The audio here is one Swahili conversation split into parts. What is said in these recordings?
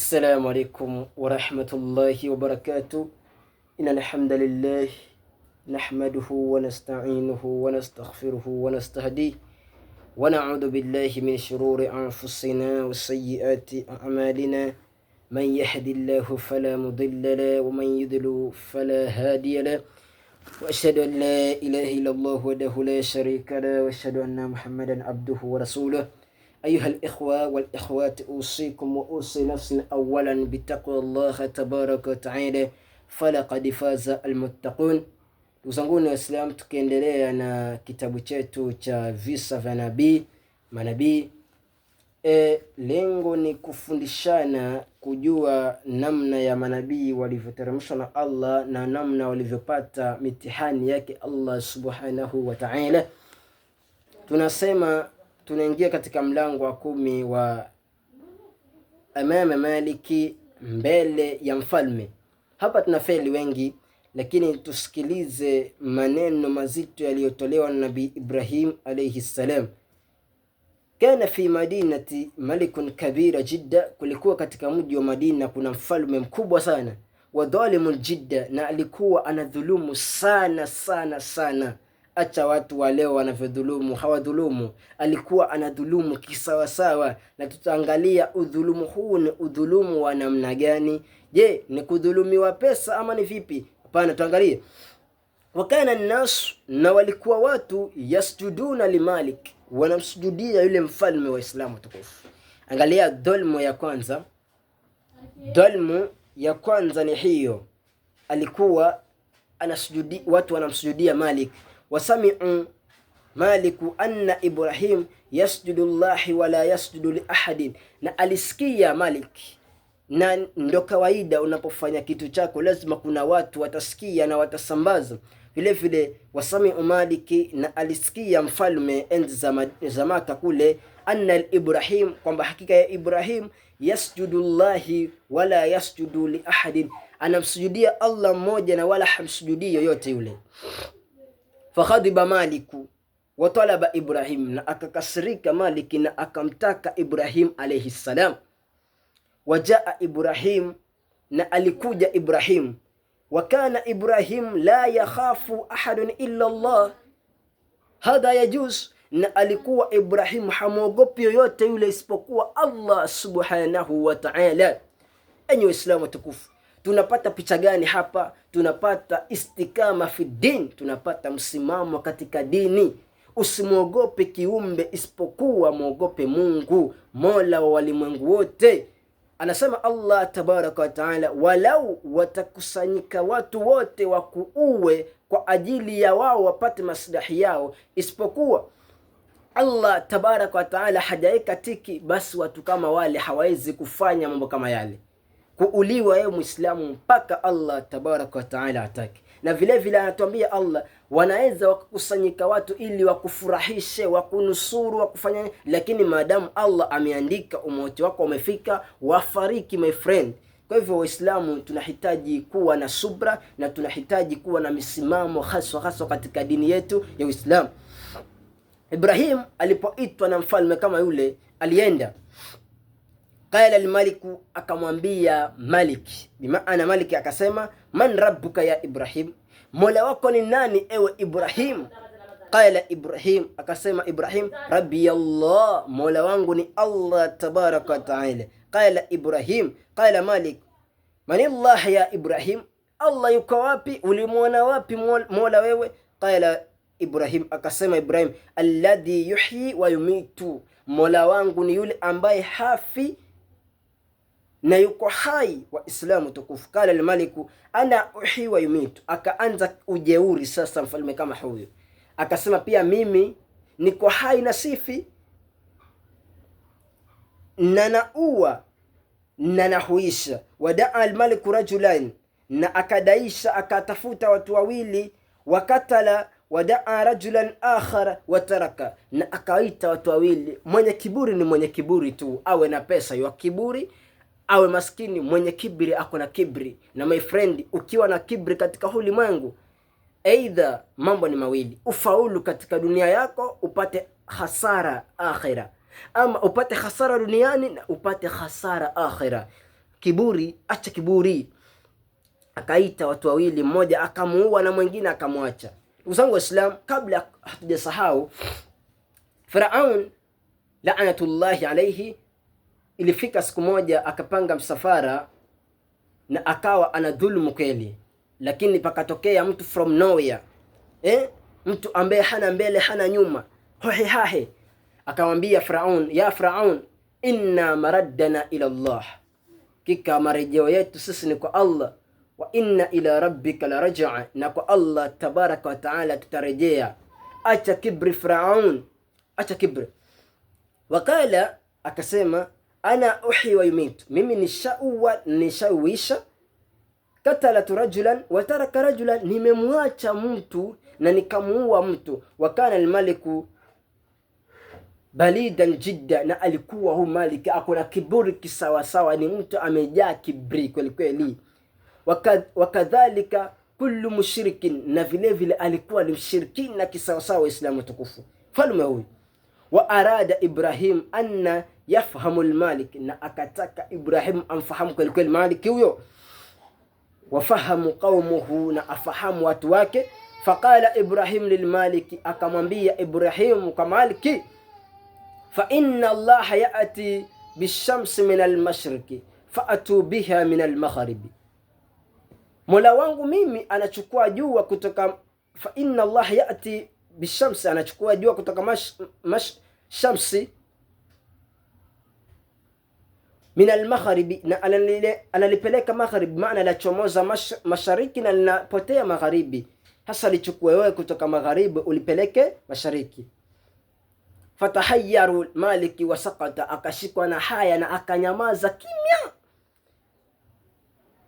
السلام عليكم ورحمة الله وبركاته إن الحمد لله نحمده ونستعينه ونستغفره ونستهديه ونعوذ بالله من شرور أنفسنا وسيئات أعمالنا من يهد الله فلا مضل له ومن يضل فلا هادي له وأشهد أن لا إله إلا الله وحده لا شريك له وأشهد أن محمدا عبده ورسوله أيها الإخوة والإخوات أوصيكم وأوصي نفسي أولا بتقوى الله تبارك وتعالى falaqad faza almuttaqun. Ndugu zanguni Waislamu, tukiendelea na kitabu chetu cha visa vya nabii manabii, e, lengo ni kufundishana kujua namna ya manabii walivyoteremshwa na Allah na namna walivyopata mitihani yake Allah subhanahu wa ta'ala. Tunasema tunaingia katika mlango wa kumi wa Imam maliki, mbele ya mfalme. Hapa tuna feli wengi, lakini tusikilize maneno mazito yaliyotolewa na Nabii Ibrahim alayhi salam. Kana fi madinati malikun kabira jidda, kulikuwa katika mji wa Madina kuna mfalme mkubwa sana, wa dhalimun jidda, na alikuwa anadhulumu sana sana sana Acha watu wa leo wanavyodhulumu, hawadhulumu. Alikuwa anadhulumu kisawasawa, na tutaangalia udhulumu huu ni udhulumu wa namna gani. Je, ni kudhulumiwa pesa ama ni vipi? Hapana, tuangalie. Wakana nnas, na walikuwa watu yasjuduna limalik, wanamsujudia yule mfalme wa Islamu tukufu. Angalia dhulmu ya kwanza, dhulmu ya kwanza ni hiyo, alikuwa anasujudi, watu wanamsujudia Malik wasami'u maliku anna Ibrahim yasjudu llahi wala yasjudu li ahadin, na alisikia Malik. Na ndo kawaida unapofanya kitu chako lazima kuna watu watasikia na watasambaza vile vile. Wasami'u Maliki, na alisikia mfalme enzi za Maka kule, anna Ibrahim, kwamba hakika ya Ibrahim yasjudu llahi wala yasjudu li ahadin, anamsujudia Allah mmoja na wala hamsujudii yoyote yule fakhadiba Maliku watalaba Ibrahim, na akakasirika Maliki na akamtaka Ibrahim alayhi salam. Wajaa Ibrahim, na alikuja Ibrahim. Wakana Ibrahim la yakhafu ahadun illa Allah, hadha yajuz. Na alikuwa Ibrahim hamwogopi yoyote yule isipokuwa Allah subhanahu wa ta'ala. Enyi Waislamu tukufu tunapata picha gani hapa? Tunapata istikama fi din, tunapata msimamo katika dini. Usimwogope kiumbe isipokuwa mwogope Mungu, mola wa walimwengu wote. Anasema Allah tabaraka wa taala, walau watakusanyika watu wote wakuue kwa ajili ya wao wapate maslahi yao, isipokuwa Allah tabaraka wa taala hajaweka tiki, basi watu kama wale hawawezi kufanya mambo kama yale kuuliwa yeye Muislamu mpaka Allah wa wataala atake. Na vile vile anatuambia Allah, wanaweza wakakusanyika watu ili wakufurahishe, wakunusuru, wakufanya, lakini maadamu Allah ameandika umauti wako umefika, wafariki my friend. Kwa hivyo Waislamu tunahitaji kuwa na subra na tunahitaji kuwa na misimamo haswa haswa katika dini yetu ya Uislamu. Ibrahim alipoitwa na mfalme kama yule, alienda qala almaliku, akamwambia Malik, bimaana Malik akasema, man rabbuka ya Ibrahim, mola wako ni nani ewe Ibrahim? Qala Ibrahim, akasema Ibrahim, rabbi Allah, mola wangu ni Allah tabaraka wa taala. Qala Ibrahim, qala Malik, man Allah ya Ibrahim, Allah yuko wapi? Ulimwona wapi mola wewe? Qala Ibrahim, akasema Ibrahim, alladhi yuhyi wa yumitu, mola wangu ni yule ambaye hafi na yuko hai Waislamu tukufu. Kala almaliku ana uhi wa yumitu, akaanza ujeuri sasa. Mfalme kama huyu akasema pia mimi niko hai na sifi na naua na nahuisha. Wadaa almaliku rajulan, na akadaisha akatafuta watu wawili. Wakatala wadaa rajulan akhar wataraka, na akaita watu wawili. Mwenye kiburi ni mwenye kiburi tu, awe na pesa ya kiburi awe maskini mwenye kibri, ako na kibri. Na my friend, ukiwa na kibri katika ulimwengu, aidha mambo ni mawili: ufaulu katika dunia yako, upate hasara akhira, ama upate hasara duniani na upate hasara akhira. Kiburi, acha kiburi. Akaita watu wawili, mmoja akamuua na mwingine akamwacha. Ndugu zangu Waislamu, kabla hatujasahau Firaun laanatullahi alayhi ilifika siku moja akapanga msafara na akawa ana dhulumu kweli, lakini pakatokea mtu from nowhere eh? mtu ambaye hana mbele hana nyuma, hohehahe, akamwambia Firaun, ya Firaun, inna maraddana ila Allah, kika marejeo yetu sisi ni kwa Allah, wa inna ila rabbika la rajaa, na kwa Allah tabaraka wa taala tutarejea. Acha kibri Firaun, acha kibri. Wakala akasema ana uhi wa yumitu, mimi nishaua nishauisha. Katalatu rajulan wa taraka rajulan, nimemwacha mtu na nikamuua mtu. Wa kana almaliku balidan jidda, na alikuwa huu maliki akona kiburi kisawasawa, ni mtu amejaa kibri kweli kweli. Wakadhalika kullu mushrikin, na vile vile alikuwa ni mshirikina kisawasawa Waislamu tukufu. falume huyu wa arada Ibrahim anna yafhamu Malik, na akataka Ibrahimu amfahamu kweli kweli Malik huyo, wafahamu qaumuhu, na afahamu watu wake. Faqala Ibrahim lilmaliki, akamwambia ibrahim kwa Maliki, fa inna Allaha yati bishamsi min almashriqi faatu biha min almaghribi, mola wangu mimi anachukua jua kutoka fa inna Allah yati bishamsi, anachukua jua kutoka mash, mash, shamsi min almagharibi, na analipeleka magharibi, maana lachomoza mash, mashariki na linapotea magharibi. Hasa lichukue wewe kutoka magharibi ulipeleke mashariki. Fatahayyaru maliki saqata, akashikwa na haya na akanyamaza kimya.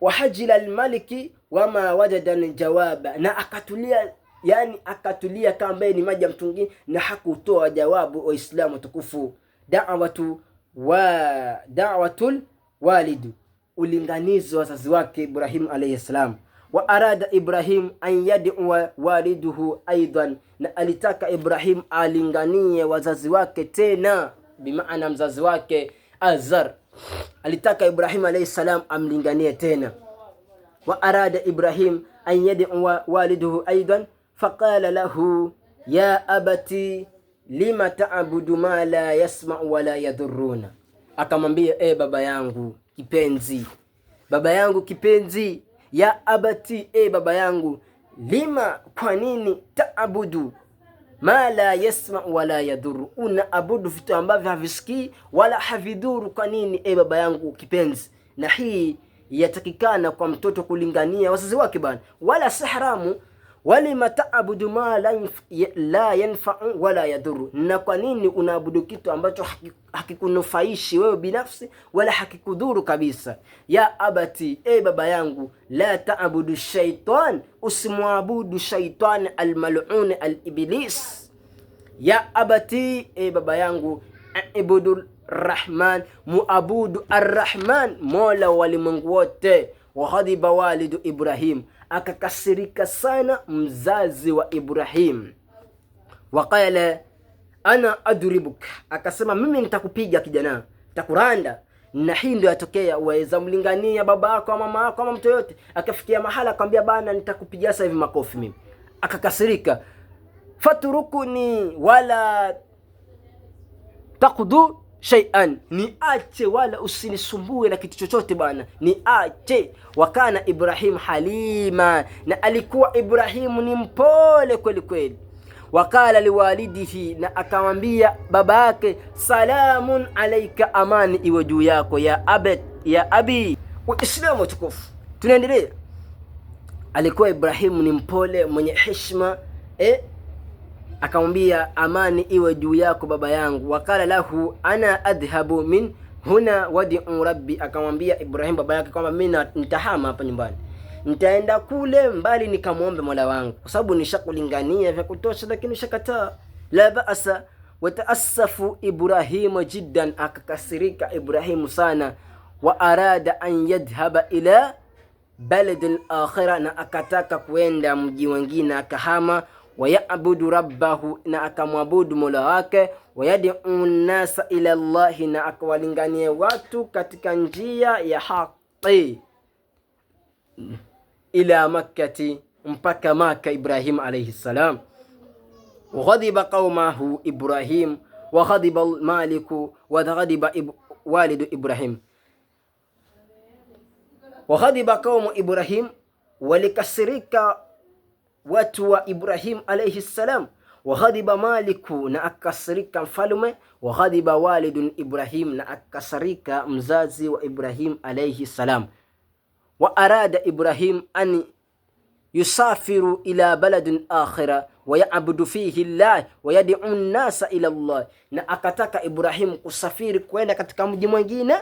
Wahajila almaliki wama wajada jawaba, na akatulia yani akatulia kama ni maji ya mtungi, na hakutoa jawabu. Waislamu tukufu da'awatu wa da'watul walid, ulinganizi wa wazazi wake Ibrahim alayhi salam. Wa arada Ibrahim an yad'uwa waliduhu aidan, na alitaka Ibrahim alinganie wazazi wake tena, bimaana mzazi wake Azar alitaka Ibrahim alayhi salam amlinganie tena. Wa arada Ibrahim an yad'uwa waliduhu aidan faqala lahu ya abati lima taabudu ma la yasmau wala yadhuruna, akamwambia e, baba yangu kipenzi, baba yangu kipenzi, ya abati, e, baba yangu, lima, kwa nini taabudu ma la yasma wala yadhuru, unaabudu vitu ambavyo havisikii wala havidhuru. Kwa nini e baba yangu kipenzi? Na hii yatakikana kwa mtoto kulingania wazazi wake bana, wala si haramu walima taabudu ma la yanfau wala yadhuru, na kwa nini unaabudu kitu ambacho hakikunufaishi wewe binafsi wala hakikudhuru kabisa. Ya abati, e baba yangu, la taabudu shaitan, usimwabudu shaitan almaluni aliblis. Ya abati, e baba yangu, ibudu rahman, muabudu arrahman, mola walimwengu wote. Waghadiba walidu Ibrahim akakasirika sana mzazi wa Ibrahim. Waqala ana adribuk, akasema mimi nitakupiga kijana, nitakuranda. Na hii ndio yatokea, waweza mlingania baba yako ama mama yako ama mtu yote, akafikia mahala akamwambia, bana, nitakupiga sasa hivi makofi mimi. Akakasirika, faturukuni wala taqdu shay'an, niache wala usinisumbue na kitu chochote bwana, niache. Wakana Ibrahim halima, na alikuwa Ibrahimu ni mpole kweli kweli. Wakala liwalidihi, na akamwambia baba yake, salamun alaika, amani iwe juu yako ya abet, ya abi. Waislamu watukufu, tunaendelea. Alikuwa Ibrahimu ni mpole mwenye heshima eh? akamwambia amani iwe juu yako baba yangu. Wakala lahu ana adhhabu min huna wadi rabbi, akamwambia Ibrahim baba yake kwamba mimi nitahama hapa nyumbani, nitaenda kule mbali nikamwombe mola wangu, kwa sababu nishakulingania vya kutosha, lakini ushakataa. La baasa wataasafu Ibrahimu jiddan, akakasirika Ibrahimu sana. Wa arada an yadhhaba ila balad al-akhira, na akataka kuenda mji wengine akahama wayabudu rabbahu, na akamwabudu mola wake, wayadiu nnasa ila llahi, na akawalinganie watu katika njia ya haqi, ila makkati, mpaka Maka. Ibrahim alayhi salam waghadiba qaumahu Ibrahim waghadiba maliku waghadiba ib, walidu Ibrahim waghadiba qaumu Ibrahim, walikasirika watu wa Ibrahim alayhi salam. ghadiba Maliku, na akasirika mfalme. ghadiba walidun Ibrahim, na akasirika mzazi wa Ibrahim alayhi salam. Wa arada Ibrahim an yusafiru ila baladin akhira wa yaabudu fihi llah wa yad'u nnasa ila llah, na akataka Ibrahim kusafiri kwenda katika mji mwingine,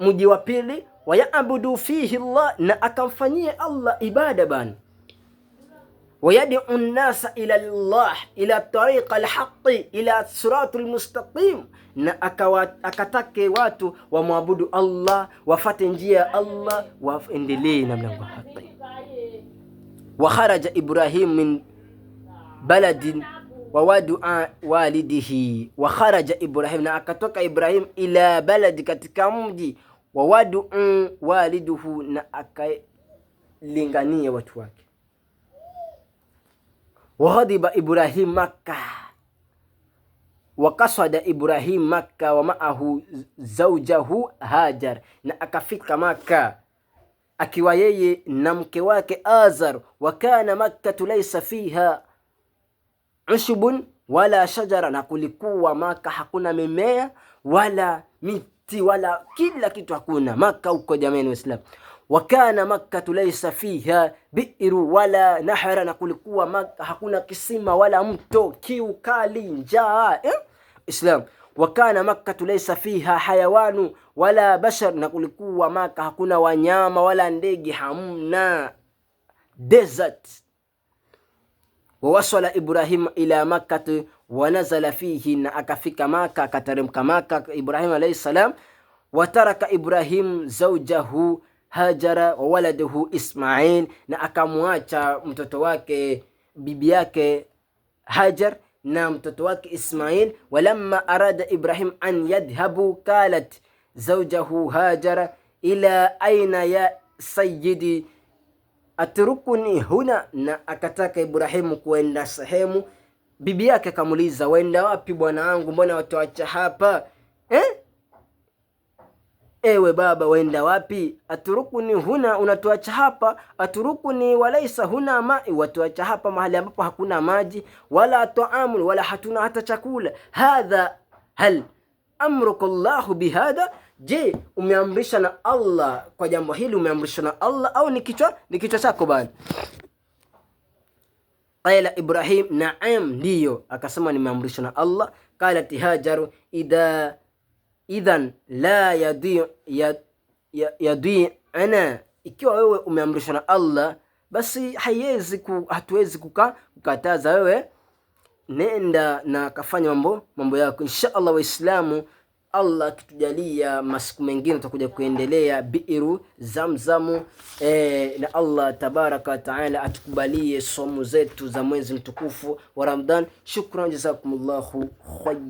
mji wa pili wayabudu fihi Allah, na akamfanyie Allah ibada bana wayad'u nnasa ila Allah, ila tariqa alhaqi ila sirati lmustaqim, na akatake watu wamwabudu Allah wafate njia ya Allah waendelee na mlango wa haki. Wa kharaja Ibrahim min baladin wa wadua walidihi, wa kharaja Ibrahim, na akatoka Ibrahim ila baladi, katika mji wa wad'u waliduhu, na akalingania watu wake. Wahadiba Ibrahim Makka, wakasada Ibrahim Makka wa maahu zaujahu Hajar, na akafika Makka akiwa yeye na mke wake Azar. Wakana makkatu laisa fiha ushubun wala shajara, na kulikuwa Maka hakuna mimea wala miti miti wala kila kitu hakuna Maka huko, jamani Waislamu. Wakana makkatu laisa fiha biru wala nahra, na kulikuwa Maka hakuna kisima wala mto, kiu kali, njaa eh? Islam wakana makkatu laisa fiha hayawanu wala bashar, na kulikuwa Maka hakuna wanyama wala ndege, hamna desert. Wawasala Ibrahim ila makkati wanazala fihin, akafika Maka akateremka Maka Ibrahim alayhi salam. Wataraka Ibrahim zaujahu Hajara wa waladuhu Ismail, na akamwacha mtoto wake bibi yake Hajar na mtoto wake Ismail. Walamma arada Ibrahim an yadhhabu qalat zaujahu Hajara ila aina ya sayyidi atrukuni huna, na akataka Ibrahimu kuenda sehemu Bibi yake akamuuliza, waenda wapi bwana wangu, mbona watoacha hapa eh? Ewe baba, waenda wapi? Aturukuni huna, unatuacha hapa. Aturukuni walaisa huna mai, watuacha hapa mahali ambapo hakuna maji wala taamun, wala hatuna hata chakula. Hadha hal llahu bihadha, je, umeamrisha na Allah kwa jambo hili? Umeamrisha na Allah au ni kichwa ni kichwa chako bana? Qala Ibrahim, naam, ndiyo. Akasema nimeamrishwa na Allah. Qalat Hajaru, idha idhan la ya, yadhi ana, ikiwa wewe umeamrishwa na Allah basi haiwezi ku, hatuwezi kuka, kukataza wewe, nenda na kafanya mambo mambo yako, insha Allah Waislamu. Allah akitujalia masiku mengine tutakuja kuendelea biiru zamzamu e, na Allah tabaraka wataala atukubalie somo zetu za mwezi mtukufu wa Ramadhan. Shukran, jazakumullahu khayr.